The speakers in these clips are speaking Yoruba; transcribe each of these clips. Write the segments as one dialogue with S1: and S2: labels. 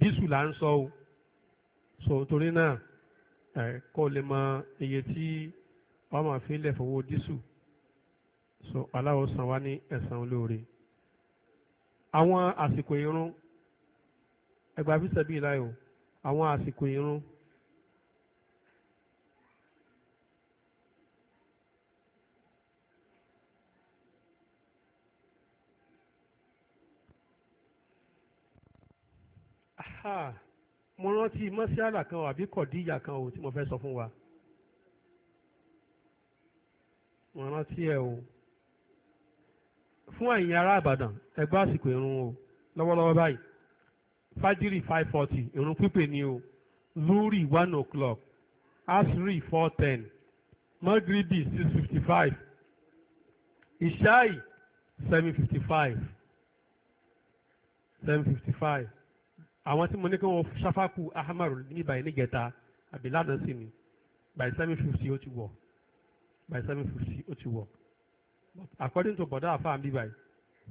S1: dísù là ń sọ o so torí náà ẹ kó lè mọ iye tí wọ́n máa fi lẹ̀ fowó dísù so aláwọ̀ san wá ní ẹ̀san olóore àwọn àsìkò irun ẹgbàá fi sẹ́bí láyò àwọn àsìkò irun mo rántí mọ́síálà kan àbí kọ̀díyà kan o tí mo fẹ́ sọ fún wa mo rántí ẹ o fún ẹ̀yin ará Ìbàdàn ẹ gbọ́ àsìkò irun o lọ́wọ́lọ́wọ́ báyìí fájírì five forty irun pípé ni o lúrì one o'clock asiri four ten magribi six fifty five ìṣáì seven fifty five seven fifty five àwọn tí mo ní kí wọ́n ṣáfákù ahamaru níbà yìí níjẹta àbílànà sí ni by seven fifty ó ti wọ̀ by seven fifty ó ti wọ̀ according to bọ̀dá àfáà mi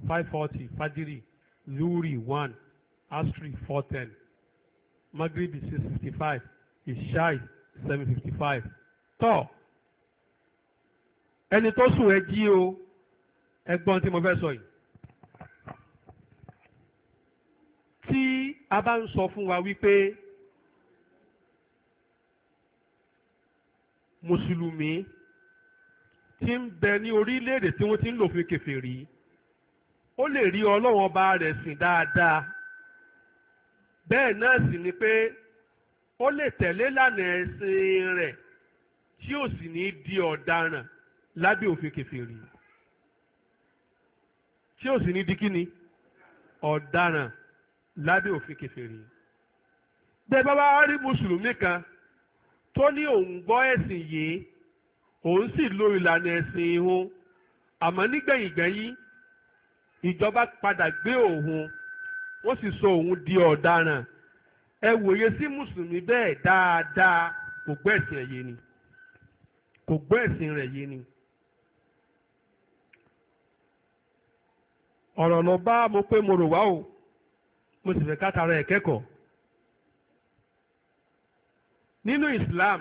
S1: five forty Fadiri, luri one astri four ten magribi six fifty five ishai seven fifty five tọ́ ẹni tó sùn ẹ jí o ẹgbọ́n tí mo fẹ́ sọ yìí. a bá ń sọ fún wa wípé mùsùlùmí ti ń bẹ ní orílẹ̀-èdè tí wọ́n ti ń lò fún kèfèrí ó lè rí ọlọ́wọ́n ọba rẹ̀ sìn dáadáa bẹ́ẹ̀ náà sì ni pé ó lè tẹ̀lé lànà ẹ̀sìn rẹ̀ tí ò sì ní di ọ̀daràn lábẹ́ òfin kèfèrí tí ò sì ní di kíni ọ̀daràn lábẹ́ òfin kèfèrí bẹ́ẹ̀ bá bá rí mùsùlùmí kan tó ní òun gbọ́ ẹ̀sìn yìí òun sì lo ìlànà ẹ̀sìn ìhun àmọ́ nígbẹ̀yìngbẹ̀yìn ìjọba padà gbé òun wọ́n sì sọ òun di ọ̀daràn ẹ wòye sí mùsùlùmí bẹ́ẹ̀ dáadáa kò gbọ́ ẹ̀sìn o. mo sì fẹ́ kátara ẹ̀ kẹ́kọ̀ọ́ nínú Islam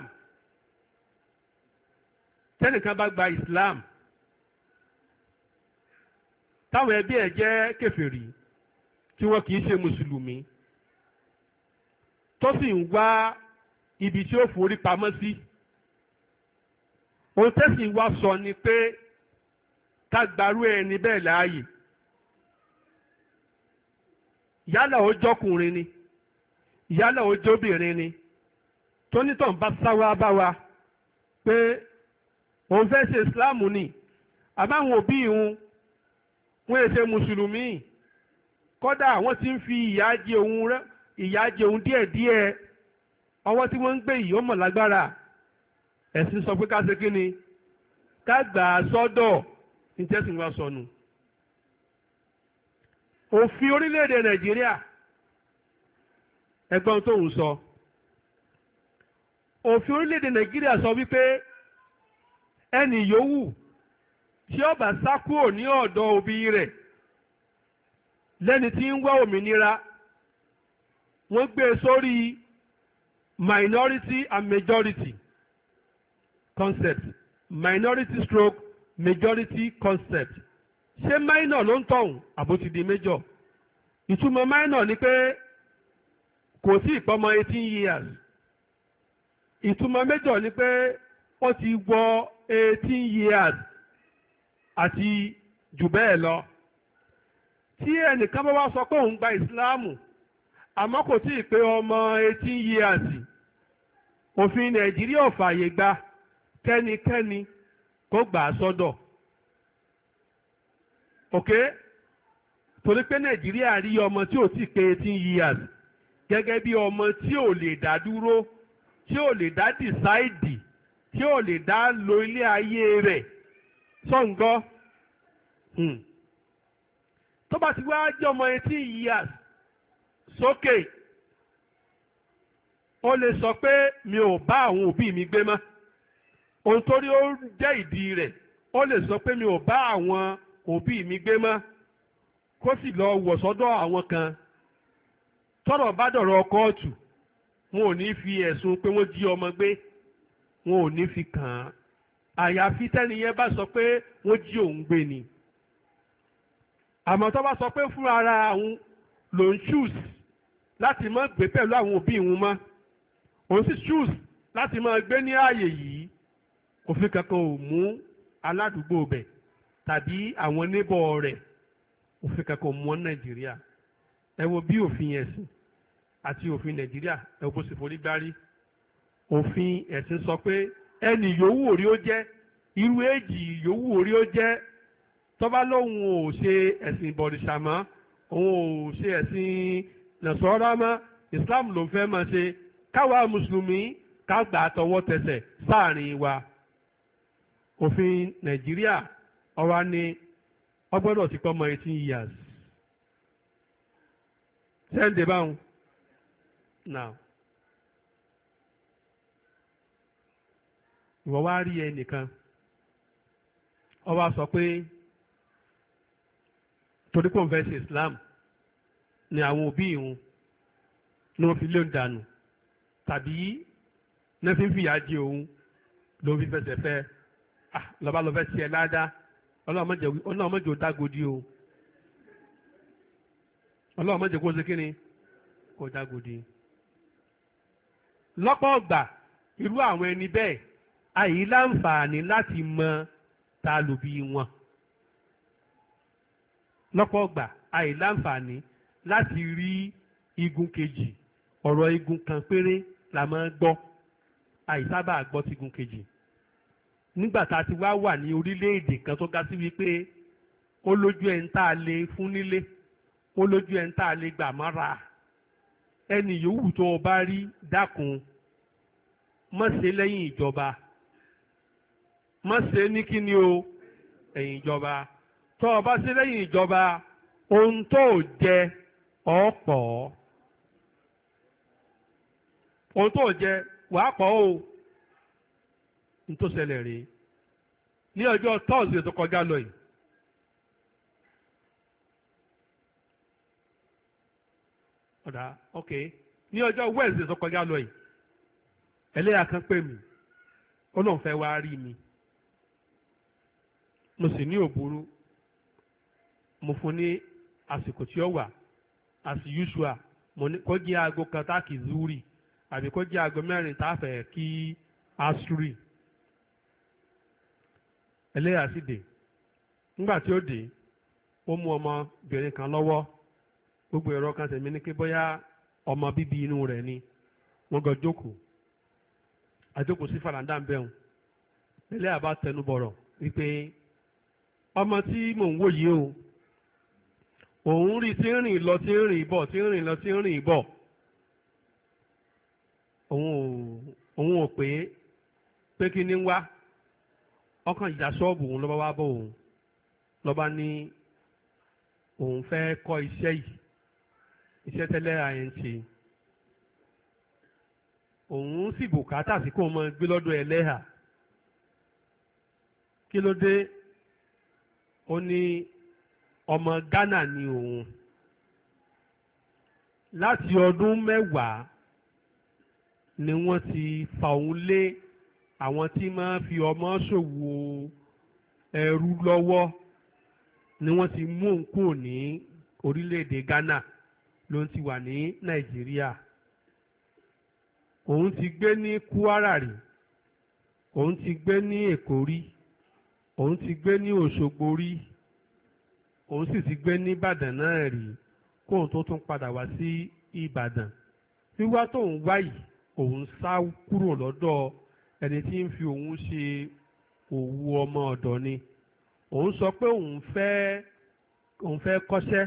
S1: tẹ́nìkan bá gba Islam táwọn ẹbí ẹ̀ jẹ́ kèfèrí tí wọ́n kì í ṣe mùsùlùmí tó sì ń wá ibi tí ó forí pamọ́ sí ohun tẹ́sí wa sọ ni pé ká gbarú ẹni bẹ́ẹ̀ láàyè yálà ó jọkùnrin ni yálà ó jóbìnrin ni tónítàn bá sáwá bá wa pé òun fẹ́ ṣe islam ni àbáwọn òbí òun wọ́n èsè mùsùlùmí kódà wọ́n ti ń fi ìyà jẹ òun rẹ́ ìyà jẹ òun díẹ̀díẹ̀ ọwọ́ tí wọ́n ń gbé yìí ó mọ̀ lágbára ẹ̀sìn sọ pé ká ṣe kí ni ká gbà á sọ́dọ̀ ní wa sọnù. So òfin orílẹ̀-èdè nàìjíríà ẹgbọ́n tó ń sọ òfin orílẹ̀-èdè nàìjíríà sọ wípé ẹnì yòówù tí ó bá sá kúrò ní ọ̀dọ̀ òbí rẹ̀ lẹ́ni tí ń wá òmìnira wọ́n gbé e sórí minority and majority concept minority stroke majority concept ṣé minor ló ń tọ̀hún àbó ti di major ìtumọ̀ minor ni pé kò sí ìpọ́mọ eighteen years ìtumọ̀ major ni pé ó ti wọ eighteen years àti jù bẹ́ẹ̀ lọ tí ẹnìkan bá wá sọ pé òun gba ìsìláàmù àmọ́ kò tí ì pé ọmọ eighteen years òfin nàìjíríà ò fààyè gba kẹ́nikẹ́ni kó gbà á sọ́dọ̀. So ok torí pé nàìjíríà rí ọmọ tí ò tí pé eighteen years gẹ́gẹ́ bí ọmọ tí ò lè dá dúró tí ò lè dá dìsáìdì tí ò lè dá lo ilé ayé rẹ̀ sọ̀ǹgọ́ hmm. tó bá ti wá jẹ́ ọmọ eighteen years sókè ó lè sọ pé mi ò bá àwọn òbí mi gbé mọ́ ohun tó rí ó jẹ́ ìdí rẹ̀ ó lè sọ pé mi ò bá àwọn òbí mi gbé mọ́ kó sì lọ wọ̀ sọ́dọ̀ àwọn kan tọ́rọ̀ bá dọ̀rọ̀ kóòtù wọn ò ní fi ẹ̀sùn pé wọ́n jí ọmọ gbé wọn ò ní fi kàn án àyàfi tẹ́niyẹn bá sọ pé wọ́n jí òun gbé ni àmọ́ tó bá sọ pé fúnra ara àwọn ló ń choose láti má gbé pẹ̀lú àwọn òbí òun mọ́ òun sì choose láti má gbé ní ààyè yìí òfin kankan ò mú aládùúgbò bẹ́ẹ̀ tàbí àwọn níbọ̀ rẹ̀ òfin kankan mọ́ nàìjíríà ẹ wo bí òfin ẹ̀sìn àti òfin nàìjíríà ẹ wo bó ṣe forí gbárí òfin ẹ̀sìn sọ pé ẹni yòówù orí ó jẹ́ irú èjì yòówù orí ó jẹ́ tọ́ba lóhun ò ṣe ẹ̀sìn bọ̀rìṣà mọ́ òun ò ṣe ẹ̀sìn nàṣọ́ra mọ́ islam ló fẹ́ máa ṣe káwa mùsùlùmí ká gbà tọwọ́ tẹsẹ̀ sáàrin wa òfin nàìjíríà ọwá ní ọgbọ́dọ̀ ti pọ́ mọ eighteen years sẹ́ǹdẹ̀ báwọn now ìwọ wá rí ẹnìkan ọwá sọ pé torí pé Islam ni àwọn òbí ìhun ni wọ́n fi lé òun dànù tàbí nẹ́fífìyà di òun ló fi fẹsẹ̀ fẹ́ ah, lọ́ba lọ́fẹ́ tiẹ̀ ládàá. ọlọ́run mọ̀jọ dágodi o ọlọ́run mọ̀jọ kó ṣe kí kó dágodi. lọ́pọ̀ ọgbà irú àwọn ẹni bẹ́ẹ̀ àyí láǹfààní láti mọ ta wọn lọ́pọ̀ ọgbà àyí láǹfààní láti rí igun kejì ọ̀rọ̀ igun kan péré la máa ń gbọ́ àyí sábà gbọ́ sí kejì. nígbà tá a ti wá wà ní orílẹ̀-èdè kan tó ga sí wípé ó lójú ẹ̀ ń tá a lè fún nílé ó lójú ẹ̀ ń tá a lè gbà mọ́ra ẹni yòówù tó o bá rí dákun má lẹ́yìn ìjọba má ṣe ní kíni o ẹ̀yìn ìjọba tó o bá ṣe lẹ́yìn ìjọba ohun tó o jẹ ọ̀pọ̀ ohun tó o jẹ wàá pọ̀ o ní tó ṣẹlẹ̀ rèé ní ọjọ́ tọ́ọ̀sì tó kọjá lọ yìí ọ̀dà ok ní ọjọ́ wẹ́ẹ̀sì tó kọjá lọ yìí ẹlẹ́yà kan pè mí ó lóun fẹ́ wá rí mi mo sì ní òbúrú mo fún ní àsìkò tí ó wà as usual mo ní kó jẹ́ aago kan tá kì í zúrì àbí kó jẹ́ aago mẹ́rin tá a fẹ́ kí asuri ẹlẹ́yà sì dé nígbà tí ó dé ó mú ọmọbìnrin kan lọ́wọ́ gbogbo ẹ̀rọ kan tẹ̀mí ní kí bóyá ọmọ bíbí inú rẹ̀ ni wọ́n gọ jókòó àjókòó sí faranda ń bẹ̀rùn ẹlẹ́yà bá tẹnu bọ̀rọ̀ wípé ọmọ tí mò ń wò yìí o òun rí tí ń rìn lọ tí ń rìn bọ̀ tí ń rìn lọ tí ń rìn bọ̀ òun ò pé pé kí ni wá ọkàn ìjà ṣọ́ọ̀bù òun lọ́ba wá bọ̀ òun lọ́ba ní òun fẹ́ kọ́ iṣẹ́ yìí iṣẹ́ tẹ́lẹ̀ àyẹ̀ǹtì òun sì bùkátà sí kó mọ gbé lọ́dọ̀ ẹlẹ́hà kí ló dé ó ní ọmọ Ghana ni òun láti ọdún mẹ́wàá ni wọ́n ti fà òun lé àwọn tí máa fi ọmọ ṣòwò ẹrú lọ́wọ́ ni wọ́n ti mú òǹkò ní orílẹ̀-èdè Ghana ló ti wà ní Nàìjíríà òun ti gbé ní Kwara rí òun ti gbé ní Èkó rí òun ti gbé ní Òṣogbo rí òun sì ti gbé ní Ìbàdàn náà rí kóun tó tún padà wá sí Ìbàdàn wíwá tóun wá òun sá kúrò lọ́dọ̀ ẹni tí ń fi òun ṣe òwú ọmọ ọ̀dọ̀ ni òun sọ pé òun fẹ́ òun fẹ́ kọ́ṣẹ́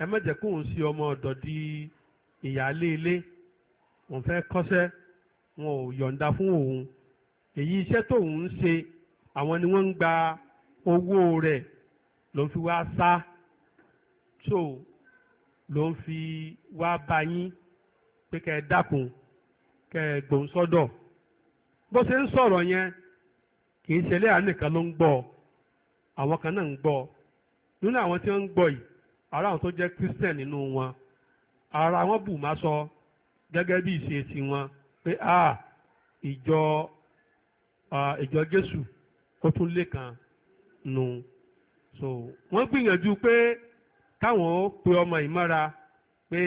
S1: ẹ má jẹ́ kó òun ṣe ọmọ ọ̀dọ̀ di ìyáálé ilé òun fẹ́ kọ́ṣẹ́ wọn ò yọ̀ǹda fún òun èyí iṣẹ́ tóun ń ṣe àwọn ni wọ́n ń gba owó rẹ̀ ló ń fi wá sá tó ló ń fi wá bá yín pé kẹ́ ẹ dákun kẹ́ ẹ gbòǹsọ́dọ̀. So, bó ṣe ń sọ̀rọ̀ yẹn kì í ṣẹlẹ̀ àánìkan ló ń gbọ́ àwọn kan náà ń gbọ́ nínú àwọn tí wọ́n ara àwọn tó jẹ́ Christian nínú wọn ara wọn bù má sọ gẹ́gẹ́ bí ìṣe tiwọn pé a ìjọ ìjọ Jésù ó tún lé kan nù so wọ́n gbìyànjú pé káwọn ó pe ọmọ ìmọ́ra pé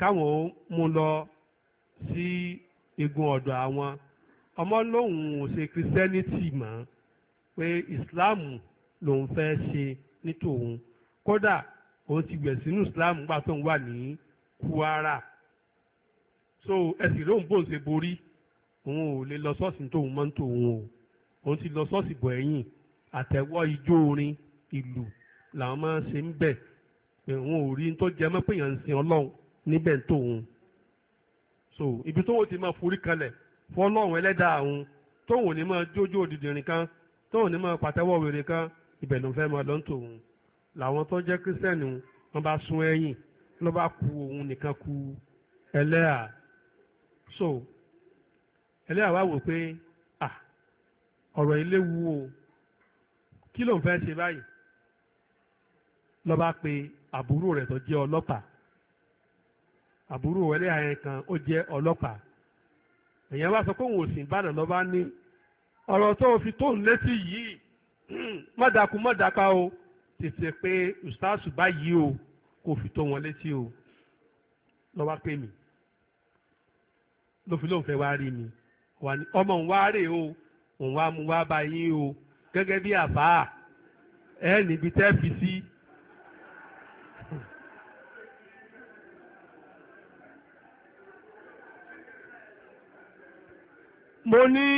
S1: káwọn ó mú lọ Si, egun ọ̀dọ̀ àwọn ọmọ lòun ò ṣe christianity mọ́ pé islam lòun fẹ́ ṣe ní tòun kódà òun ti gbẹ̀ sínú islam nígbà tó ń wà ní Kwara so ẹ̀sìn lòun bò ń ṣe borí òun ò lè lọ ṣọ́ọ̀ṣì tóun mọ́ tòun o òun ti lọ ṣọ́ọ̀ṣì bọ̀ ẹ̀yìn àtẹ̀wọ́ ijó orin ìlú làwọn máa ń ṣe ń bẹ̀ pé òun ò rí tó jẹ mọ́ pé èèyàn ń sin ọlọ́run níbẹ̀ tóun so ibi tó wò ti máa forí kalẹ̀ fọlọ́run ẹlẹ́dàá àwọn tóun ò ní máa jójó dìdìrín kan tóun ò ní máa pàtẹ́wọ́ wèrè kan ibẹ̀ ló fẹ́ máa lọ tòun làwọn tó jẹ́ kírísítẹ́nì wọn bá sún ẹ̀yìn ló bá ku òun nìkan ku ẹlẹ́à so ẹlẹ́à wá wò pé ah ọ̀rọ̀ ilé wu o kí ló ń fẹ́ ṣe báyìí ló pe àbúrò rẹ̀ tó jẹ́ ọlọ́pàá àbúrò ẹlẹ́yà yẹn kan ó jẹ́ ọlọ́pàá èèyàn wá sọ pé òun ò sì ń bàdàn lọ́ba ní ọ̀rọ̀ tó o fi tóun létí yìí mọ́dàkú mọ́dàpá o tètè pé ustaasu báyìí o kò fi tó wọn létí o lọ́wọ́ pè mí ló fi lóun fẹ́ wá rí mi wà ní ọmọ òun wá rè o òun wá mú wá bá yín o gẹ́gẹ́ bí àbá ẹ níbi tẹ́ fi sí. Si mo ní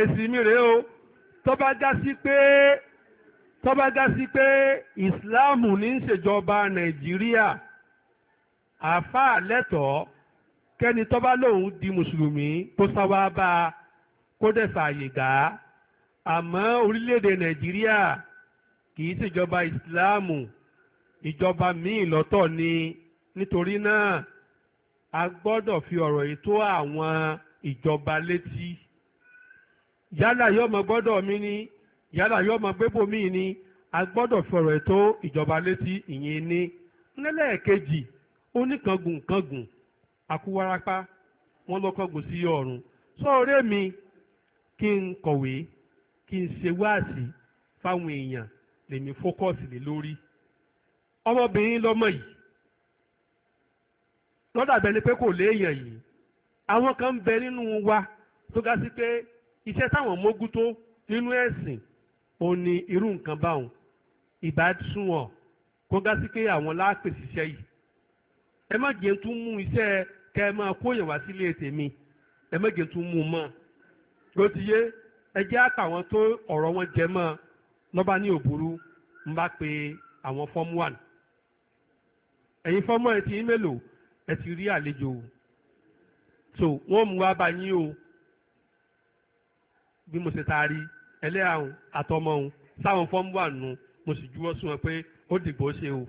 S1: èsì mi rèé o tó bá já sí pé tó bá já sí pé ìsìláàmù ní í nàìjíríà àáfàá lẹ́tọ̀ọ́ kẹ́ni tó bá lòun di mùsùlùmí kó sáwá bá a kó dẹ̀ fààyè gbà á àmọ́ orílẹ̀-èdè nàìjíríà kì í ṣèjọba ìsìláàmù ìjọba míì lọ́tọ̀ ni nítorí náà a gbọ́dọ̀ fi ọ̀rọ̀ yìí tó àwọn. ìjọba létí yálà yóò mọ gbọ́dọ̀ mi ni yálà yóò mọ gbébò mi ni a gbọ́dọ̀ fọ̀rọ̀ ẹ̀ tó ìjọba létí ìyẹn ni nílẹ̀ẹ̀kejì oníkangun kangun àkúwarapá wọn lọ́kọ̀gùn sí ọ̀run sọ́ọ̀rẹ́ mi kí n kọ̀wé kí n ṣe wáàsí fáwọn èèyàn lèmi fókọ́ọ̀sì lé lórí ọmọbìnrin lọ́mọ yìí lọ́dà bẹni pé kò léèyàn yìí àwọn kan bẹ nínú wa tó ga sí pé iṣẹ́ táwọn mógún tó nínú ẹ̀sìn ò ní irú nǹkan báwọn ìbá sunwọ̀n kó ga sí pé àwọn láàpèsè iṣẹ́ yìí ẹ má jẹ́ tún mú iṣẹ́ kẹ́ ẹ máa kó yẹn wá sílé tèmi ẹ má jẹ́ tún mú un mọ́ ó ti yé ẹ jẹ́ àtàwọn tó ọ̀rọ̀ wọn jẹ mọ́ lọ́ba ní òbúrú ń bá pe àwọn form one ẹ̀yin form ẹ ti ń mélòó ẹ ti rí àlejò so wọ́n mú wá bá yín o bí mo ṣe taari ẹlẹ́yà òun àtọmọ òun sáwọn fọ́ọ̀mù wà nù mo sì juwọ́ sí wọn pé ó dìgbò ṣe o.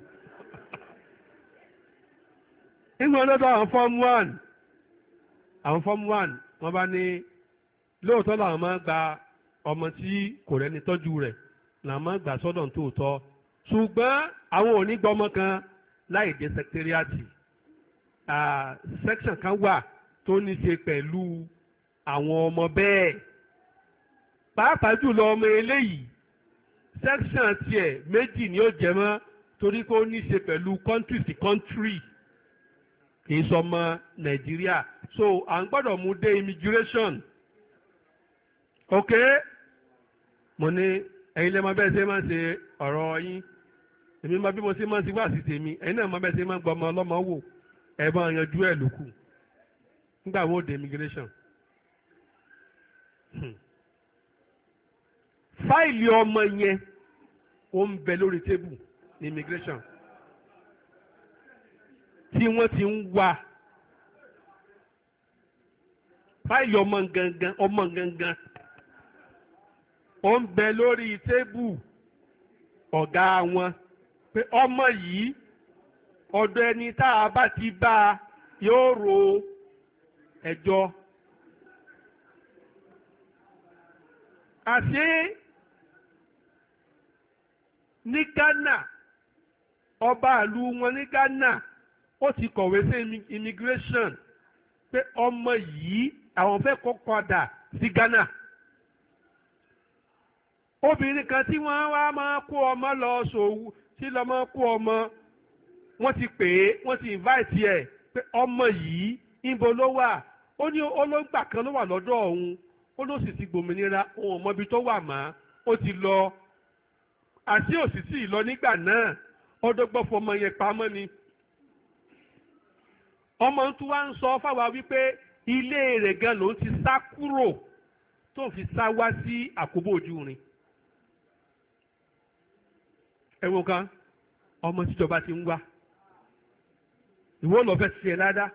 S1: nínú ọlọ́dọ̀ àwọn fọ́ọ̀mù one àwọn fọ́ọ̀mù one wọ́n bá ní lóòótọ́ làwọn máa gba ọmọ tí kò rẹ́ni tọ́jú rẹ̀ làwọn máa gbà sọ́dọ̀ tòótọ́ ṣùgbọ́n àwọn ò ní gbọ́mọ kan láì dé sẹkítẹ́rìàtì ah, section kan wà tó ní ṣe pẹ̀lú àwọn ọmọ bẹ́ẹ̀ pàápàá jùlọ ọmọ eléyìí section tiẹ̀ méjì ni ó jẹ mọ́ torí pé ó ní ṣe pẹ̀lú country to country kì í sọmọ Nàìjíríà so à ń gbọ́dọ̀ mú dé immigration ok mo ní ẹ̀yin lẹ́mọ bẹ́ẹ̀ ṣe máa ń ṣe ọ̀rọ̀ yín èmi máa bí mo ṣe máa ń ṣe wá sí tèmi ẹ̀yin náà máa bẹ́ẹ̀ ṣe máa gbọ́ ọmọ ọlọ́mọ wò ẹ̀ máa yanjú ẹ̀ lókù nígbà wo de immigration hmm. fáìlì ọmọ yẹn ó ń bẹ lórí tébù ní immigration tí wọ́n ti ń wá fáìlì ọmọ gangan ọmọ gangan ó ń bẹ lórí tébù ọ̀gá wọn pé ọmọ yìí ọ̀dọ̀ ẹni tá a bá ti bá a yóò ro ẹjọ́ àṣé ní Ghana ọba àlú wọn ní Ghana ó ti kọ̀wé sí immigration pé ọmọ yìí àwọn fẹ́ kó padà sí Ghana obìnrin kan tí wọ́n wá máa kó ọmọ lọ ṣòwò tí lọ́ kó ọmọ wọ́n ti pè é wọ́n ti invite ẹ̀ pé ọmọ yìí níbo ló wà ó ní olóńgbà kan ló wà lọ́dọ̀ òun ó ló sì ti gbòmìnira òun ò mọbi tó wà mọ́ ó ti lọ àti òsì sí ìlọ nígbà náà ọdọgbọfọ ọmọ yẹn pamọ́ ni ọmọ tó wá ń sọ fáwa wípé ilé rẹ̀ gan ló ti sá kúrò tó fi sá wá sí àkóbò ojú rin kan ọmọ tíjọba ti ń wá ìwọ lọ fẹ́ tiẹ̀ ládàá.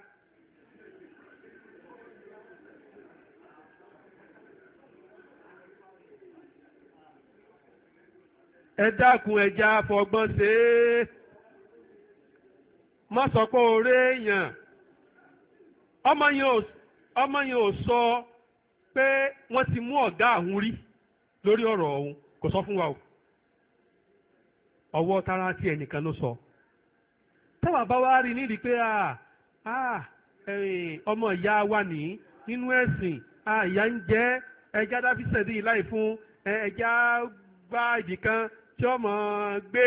S1: ẹ dákun ẹja fọgbọ́n ṣe é má sọ èèyàn ọmọ yẹn ò sọ pé wọ́n ti mú ọ̀gá àwọn rí lórí ọ̀rọ̀ ọ̀hún kò sọ fún wa o ọwọ́ tara tí ẹnìkan ló sọ táwa bá wá rí nídìí pé ọmọ ìyá wa ní nínú ẹ̀sìn ìyá ń jẹ́ ẹja dáfíṣẹ́ dí láì fún ẹja gbá ìdí kan tí ọmọ gbé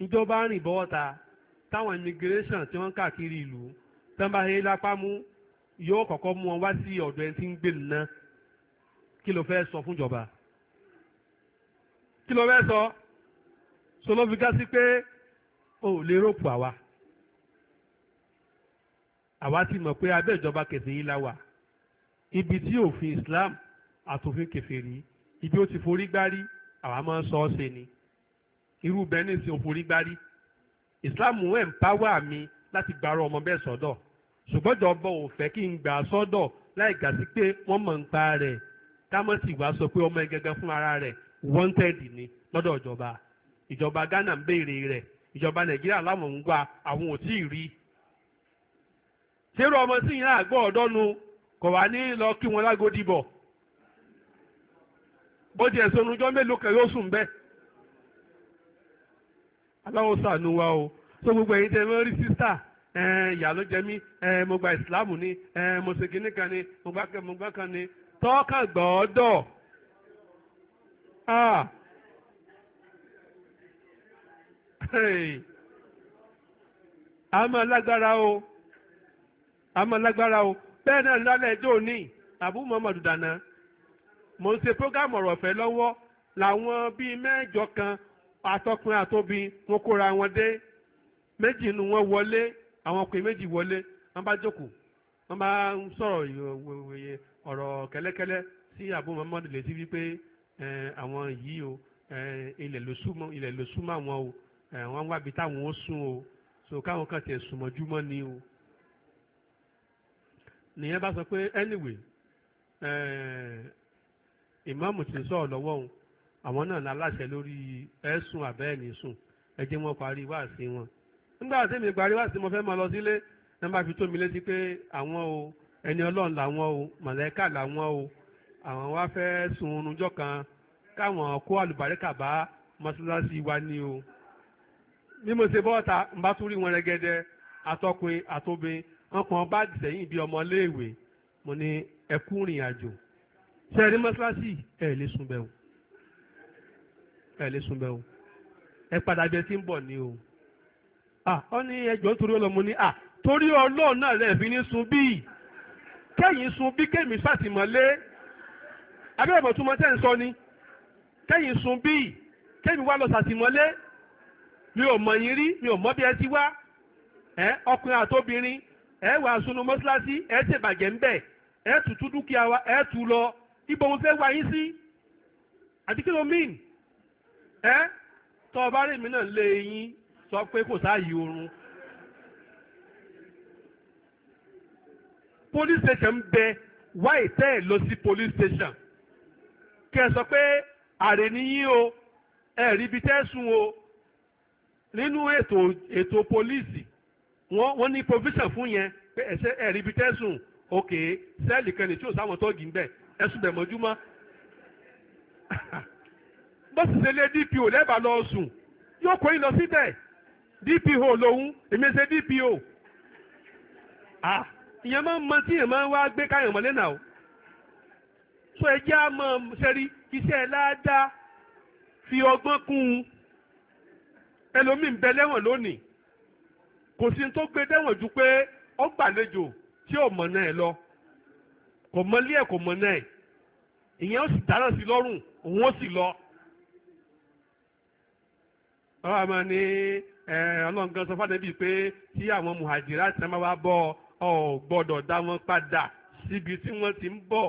S1: ìjọba rìn bọ́wọ́ ta táwọn immigration tí wọ́n káàkiri ìlú tán bá yẹ lápá mú yóò kọ́kọ́ mú wọn wá sí ọ̀dọ̀ ẹni tí ń gbé nìna kí ló fẹ́ sọ fún ìjọba kí ló fẹ́ sọ so fi sí pé o ò lè rọ́pò àwa àwa ti mọ̀ pé abẹ́ ìjọba kẹfìrí la wà ibi tí òfin Islam àtòfin kẹfìrí ibi ó ti forí gbárí àwa máa ń sọ ọ́ ṣe ni irú benin sí òfòrí gbárí islam ń pàwọ́ mi láti gbàrọ̀ ọmọ bẹ́ẹ̀ sọ́dọ̀ ṣùgbọ́n ìjọba ò fẹ́ kí n gbà sọ́dọ̀ láì gà sí pé wọ́n mọ̀ ń pa rẹ̀ kámọ́ sì wá sọ pé ọmọ ẹ gẹ́gẹ́ fún ara rẹ̀ wanted ni lọ́dọ̀ ìjọba ìjọba Ghana ń béèrè rẹ̀ ìjọba Nàìjíríà láwọn ń gbà àwọn ò tí ì rí ṣerú ọmọ sí yìí náà ọ̀dọ́nu kò wá ní lọ kí wọn lágòdìbọ̀ bọ́dí ẹ̀sùn onújọ́ mélòó kan yóò sùn bẹ́ẹ̀. aláwọ̀ sànù wa o so gbogbo ẹ̀yin tẹ́ ẹ rí sísà ìyá ló jẹ mí mo gba ìsìláàmù ni mo ṣe kínní kan ni mo gbá mo gbá kan ni tọ́ka gbọ́dọ̀ ah. a lágbára o a lágbára o bẹ́ẹ̀ náà lálẹ́ ẹjọ́ òní àbú Muhammadu dànù mo ń ṣe prógámù ọ̀rọ̀ ọ̀fẹ́ lọ́wọ́ làwọn bíi mẹ́jọ kan àtọkùnrin àtobìn wọn kóra wọn dé méjì nu wọn wọlé àwọn ọkùnrin méjì wọlé wọn bá jókòó wọn bá ń sọ̀rọ̀ ọ̀rọ̀ kẹ́lẹ́kẹ́lẹ́ sí àbú muhammadu létí wípé àwọn yìí o ilẹ̀ ló súnmọ́ ilẹ̀ ló súnmọ́ àwọn o wọ́n wábi táwọn ó sún o so káwọn kan tiẹ̀ sùn mọ́júmọ́ ni o nìyẹn bá sọ pé anyway ìmáàmù ti ń sọ̀rọ̀ lọ́wọ́ òun àwọn náà láláṣẹ lórí ẹ̀sùn àbẹ́ẹ̀nì sùn ẹ jẹ́ wọn parí wáàsí wọn nígbà tí mi parí wáàsí mo fẹ́ máa lọ sílé ẹ máa fi tó mi létí pé àwọn o ẹni ọlọ́run làwọn o mọ̀lẹ́kà làwọn o àwọn wá fẹ́ sun oorunjọ́ kan káwọn kó àlùbáríkà bá mọ́ṣáláṣí wa ni o bí mo ṣe bọ́ ọ̀tá n bá tún rí wọn rẹ́gẹ́dẹ́ atọ́kùnrin àtobin wọn bá dìsẹ́yìn bí ọmọléèwé mo ní ẹkú rìn àjò
S2: ṣe rí mọ́ṣáláṣí
S1: ẹ̀ lè sùn bẹ́ẹ̀ o ẹ̀ lè sùn bẹ́ẹ̀ o ẹ padà bẹ tí ń bọ̀ ni o ọ ní ẹjọ́ torí ọlọ́mọ ní à torí ọlọ́ọ̀ náà rẹ̀ fi ní sun bíi kẹ́yìn sun bí kẹ́mi sátìmọ́lé abẹ́rẹ́ ìbọ̀túmọ̀ tẹ́ ń sọ ni kẹ́yìn sun bíi kẹ́mi wá lọ sátìmọ́lé mi ò mọ̀ yín rí mi ò mọ̀ bí ẹ ti wá ẹ ọkùnrin àtobìnrin ẹ wàá sunu mọ́ṣáláṣí ẹ ṣèbàjẹ́ ń bẹ̀ ẹ tutù dúkìá wa ẹ tù lọ ibo òun fẹ́ wá yín sí àti kí ló mean ẹ tọ́ ọba rẹ̀ mi náà lé yín sọ pé kò sáàyè oorun police station bẹ wáì tẹ́ ẹ̀ lọ sí police station kí ẹ sọ pé àrè níyín o ẹ rí ibi tẹ́ sùn o nínú ètò ètò pólíìsì wọ́n ní provision fún yẹn pé ẹ̀ṣẹ́ ẹ rí òkè sẹ́ẹ̀lì kan ní tí ò sáwọn tọ́ọ̀gì ń bẹ̀ ẹ̀sùn bẹ̀ mọ́júmọ́ bó sì ṣe lé DPO lẹ́bàá lọ sùn yóò kó yín lọ síbẹ̀ DPO lòun èmi ṣe DPO ah, ìyẹn máa ń mọ tí èèyàn máa ń wá gbé káyọ̀ mọ́lẹ́ náà o so ẹ jẹ́ àmọ́ sẹ́rí iṣẹ́ ládàá fi ọgbọ́n kún un ẹlòmíì ń bẹ lẹ́wọ̀n lónìí kò sí tó gbé dẹ́wọ̀n ju pé ó gbàlejò tí ò mọ̀ náà lọ kò mọ ilé ẹ̀ kò mọ náà ìyẹn ó sì dáná sí lọ́rùn òun ó sì lọ. wọ́n á máa ní ọlọ́ngàn sọ fàdébí pé tí àwọn muhajira ti máa wá bọ́ ọ gbọ́dọ̀ dá wọn padà síbi tí wọ́n ti ń bọ̀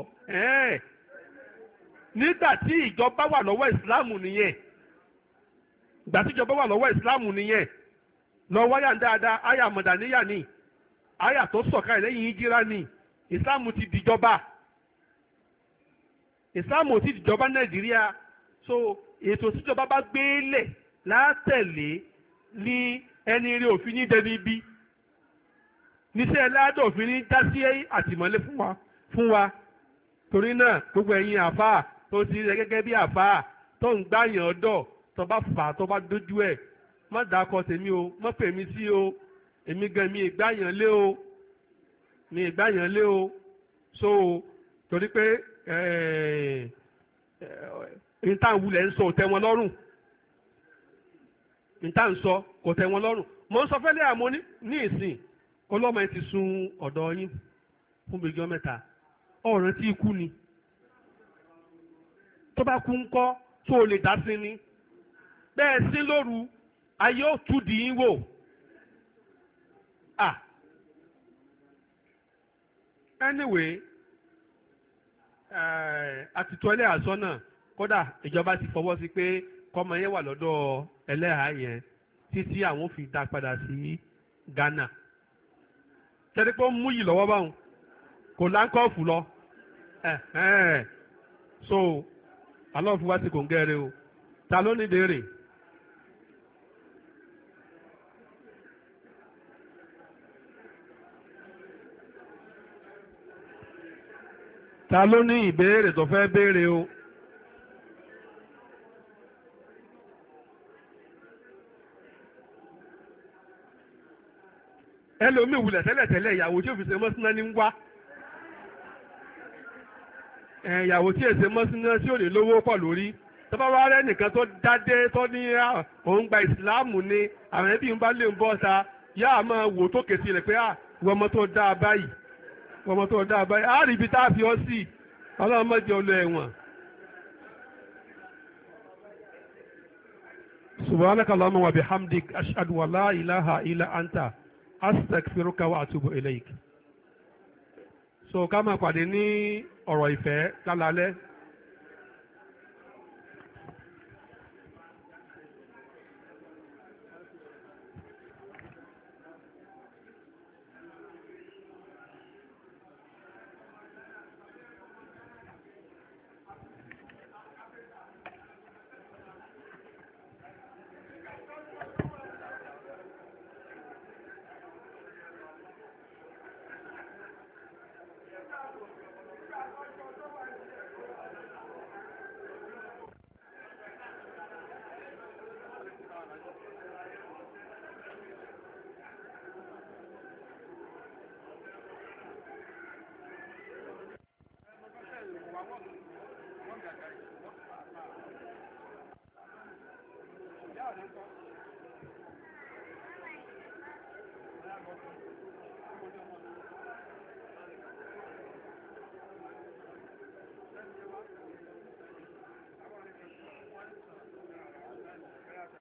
S1: nígbà tí ìjọba wà lọ́wọ́ ìsìláàmù nìyẹn ìgbà tí ìjọba wà lọ́wọ́ ìsìláàmù nìyẹn lọ́wọ́ yà ń dáadáa àyà mọ̀dàníyà ni àyà tó sọ̀ka lẹ́yìn ìjírá ni ìsìláàmù ti dìjọba islam ò tí ìjọba nàìjíríà so ètò tíjọba bá gbé lẹ̀ látẹ̀lé ní ẹni rí òfin ní dẹni bí níṣẹ́ ládọ̀ òfin ní dá sí àtìmọ́lé fún wa fún wa torí náà gbogbo ẹ̀yin àfáà tó ti rẹ gẹ́gẹ́ bí àfáà tó ń gbàyàn ọ̀dọ̀ tó bá fà tó bá dójú ẹ̀ má dàkọ tèmi o má pè sí o èmi gan mi ìgbàyàn lé o mi ìgbàyàn lé o so torí pé ìtàwulẹ̀ eh, eh, ń sọ tẹ́ wọn lọ́rùn ìta ń kò tẹ́ wọn lọ́rùn mo ń sọ fẹ́lẹ́ àmọ́ ní ìsìn ọlọ́mọ ẹ ti sun ọ̀dọ̀ yín fún bíjọ́ mẹ́ta ọ̀ràn tí ikú ni tó bá kú ń kọ́ tó o lè dá sí ni bẹ́ẹ̀ sí lóru ayé ò tú dì í wò ah anyway. Eh, àtìtú ẹlẹ́hà sọ́nà kódà ìjọba ti fọwọ́ sí pé kọ́mọ yẹn wà lọ́dọ̀ ẹlẹ́hà yẹn títí àwọn fi dá padà sí Ghana tẹ́lẹ́pọ̀ mú yìí lọ́wọ́ báwọn kò láńkọ́ọ̀fù lọ eh, eh. so alọ́ọ̀fù wá sí kò ń gẹ́rẹ́ o ta ló ní dèrè. ta ló ní ìbéèrè tó fẹ́ béèrè o. ẹlòmíì wulẹ̀ tẹ́lẹ̀tẹ́lẹ̀ ìyàwó tí òfìsè mọ́síná ní ń wá ìyàwó tí èsè mọ́síná tí ò lè lówó pọ̀ lórí tọ́ba wá rẹ́ nìkan tó dádé tó ní òun gba ìsìláàmù ni àwọn ẹbí ń bá lè ń bọ́ ta yá a máa wò tó kèsì rẹ̀ pé àwọn ọmọ tó dáa báyìí ọmọ tó dáa báyìí á ibi tá a fi ọ sí ọlọ́run má jẹ́ olú ẹ̀wọ̀n. سبحانك اللهم وبحمدك أشهد أن لا إله إلا أنت أستغفرك وأتوب إليك so ká máa pàdé ní ọ̀rọ̀